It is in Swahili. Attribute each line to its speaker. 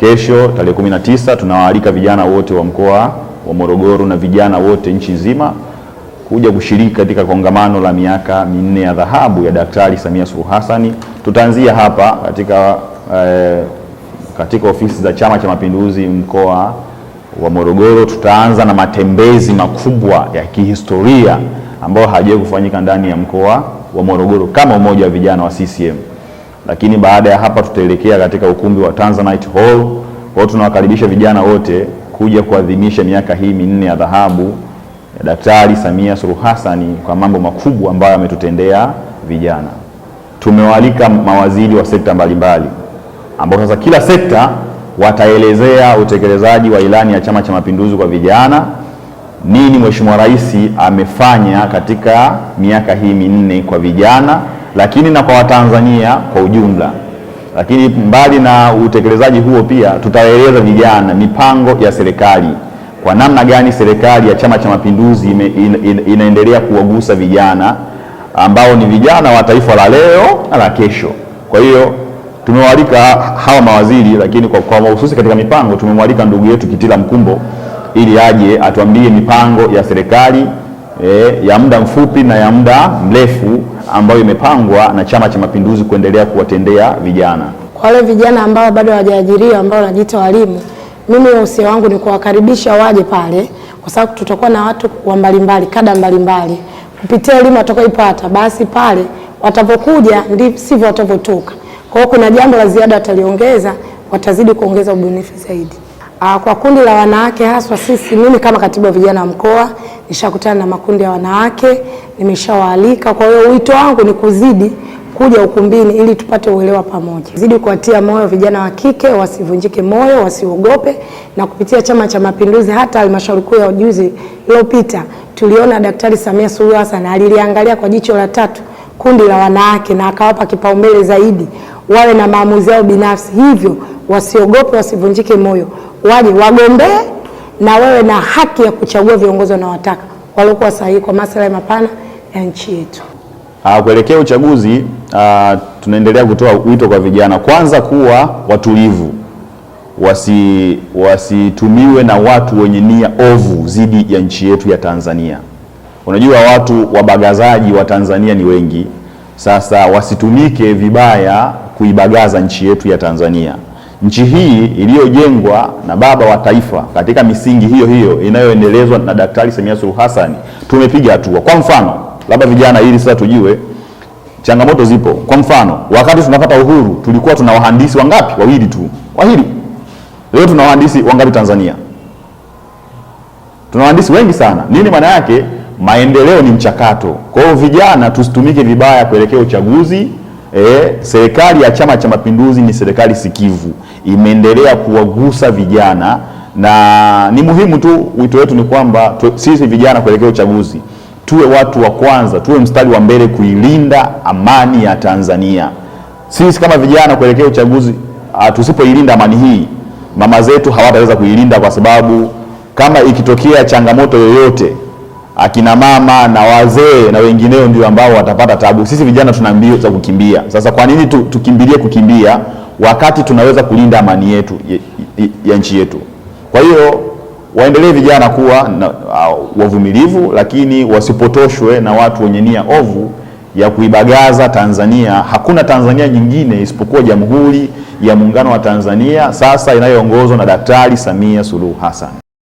Speaker 1: Kesho tarehe 19 tunawaalika vijana wote wa mkoa wa Morogoro na vijana wote nchi nzima kuja kushiriki katika kongamano la miaka minne ya dhahabu ya Daktari Samia Suluhu Hassan. Tutaanzia hapa katika, eh, katika ofisi za Chama cha Mapinduzi mkoa wa Morogoro. Tutaanza na matembezi makubwa ya kihistoria ambayo hajawahi kufanyika ndani ya mkoa wa Morogoro kama umoja wa vijana wa CCM lakini baada ya hapa tutaelekea katika ukumbi wa Tanzanite Hall. Kwa tunawakaribisha vijana wote kuja kuadhimisha miaka hii minne ya dhahabu ya Daktari Samia Suluhu Hassan kwa mambo makubwa ambayo ametutendea vijana. Tumewaalika mawaziri wa sekta mbalimbali ambao sasa kila sekta wataelezea utekelezaji wa ilani ya Chama cha Mapinduzi kwa vijana, nini Mheshimiwa Rais amefanya katika miaka hii minne kwa vijana lakini na kwa Watanzania kwa ujumla. Lakini mbali na utekelezaji huo, pia tutaeleza vijana mipango ya serikali kwa namna gani serikali ya Chama cha Mapinduzi in, in, inaendelea kuwagusa vijana ambao ni vijana wa taifa la leo na la kesho. Kwa hiyo tumewalika hawa mawaziri, lakini kwa, kwa mahususi katika mipango tumemwalika ndugu yetu Kitila Mkumbo ili aje atuambie mipango ya serikali eh, ya muda mfupi na ya muda mrefu ambayo imepangwa na Chama cha Mapinduzi kuendelea kuwatendea vijana.
Speaker 2: Kwa wale vijana ambao bado hawajaajiriwa ambao wanajiita walimu, mimi usia wangu ni kuwakaribisha waje pale, kwa sababu tutakuwa na watu wa mbalimbali, kada mbalimbali kupitia elimu watakaoipata, basi pale watavyokuja sivyo watavyotoka. Kwa hiyo kuna jambo la ziada wataliongeza, watazidi kuongeza ubunifu zaidi. Aa, kwa kundi la wanawake haswa sisi, mimi kama katibu wa vijana wa mkoa nishakutana na makundi ya wanawake, nimeshawaalika. Kwa hiyo wito wangu ni kuzidi kuja ukumbini ili tupate uelewa pamoja, zidi kuwatia moyo vijana wa kike wasivunjike moyo, wasiogope. Na kupitia Chama cha Mapinduzi, hata halmashauri kuu ya ujuzi iliyopita tuliona Daktari Samia Suluhu Hassan aliliangalia kwa jicho la tatu kundi la wanawake na akawapa kipaumbele zaidi, wawe na maamuzi yao binafsi, hivyo wasiogope, wasivunjike moyo, waje wagombee na wewe na haki ya kuchagua viongozi wanaowataka waliokuwa sahihi kwa maslahi mapana ya nchi yetu.
Speaker 1: Ah, kuelekea uchaguzi, a, ah, tunaendelea kutoa wito kwa vijana kwanza kuwa watulivu, wasi wasitumiwe na watu wenye nia ovu dhidi ya nchi yetu ya Tanzania. Unajua watu wabagazaji wa Tanzania ni wengi, sasa wasitumike vibaya kuibagaza nchi yetu ya Tanzania nchi hii iliyojengwa na baba wa taifa katika misingi hiyo hiyo inayoendelezwa na Daktari Samia Suluhu Hassan tumepiga hatua. Kwa mfano, labda vijana, hili sasa tujue changamoto zipo. Kwa mfano, wakati tunapata uhuru tulikuwa tuna wahandisi wangapi? Wawili tu, Kwa hili Leo tuna wahandisi wangapi Tanzania? Tuna wahandisi wengi sana. Nini maana yake? Maendeleo ni mchakato. Kwa hiyo vijana, tusitumike vibaya kuelekea uchaguzi. Eh, serikali ya Chama cha Mapinduzi ni serikali sikivu imeendelea kuwagusa vijana, na ni muhimu tu. Wito wetu ni kwamba sisi vijana kuelekea uchaguzi tuwe watu wa kwanza, tuwe mstari wa mbele kuilinda amani ya Tanzania. Sisi kama vijana kuelekea uchaguzi, ah, tusipoilinda amani hii, mama zetu hawataweza kuilinda, kwa sababu kama ikitokea changamoto yoyote, akina mama na wazee na wengineo ndio ambao watapata tabu. Sisi vijana tuna mbio za kukimbia. Sasa kwa nini tukimbilie kukimbia wakati tunaweza kulinda amani yetu ya, ya nchi yetu. Kwa hiyo waendelee vijana kuwa na, uh, wavumilivu, lakini wasipotoshwe na watu wenye nia ovu ya kuibagaza Tanzania. Hakuna Tanzania nyingine isipokuwa Jamhuri ya Muungano wa Tanzania sasa inayoongozwa na Daktari Samia Suluhu Hassan.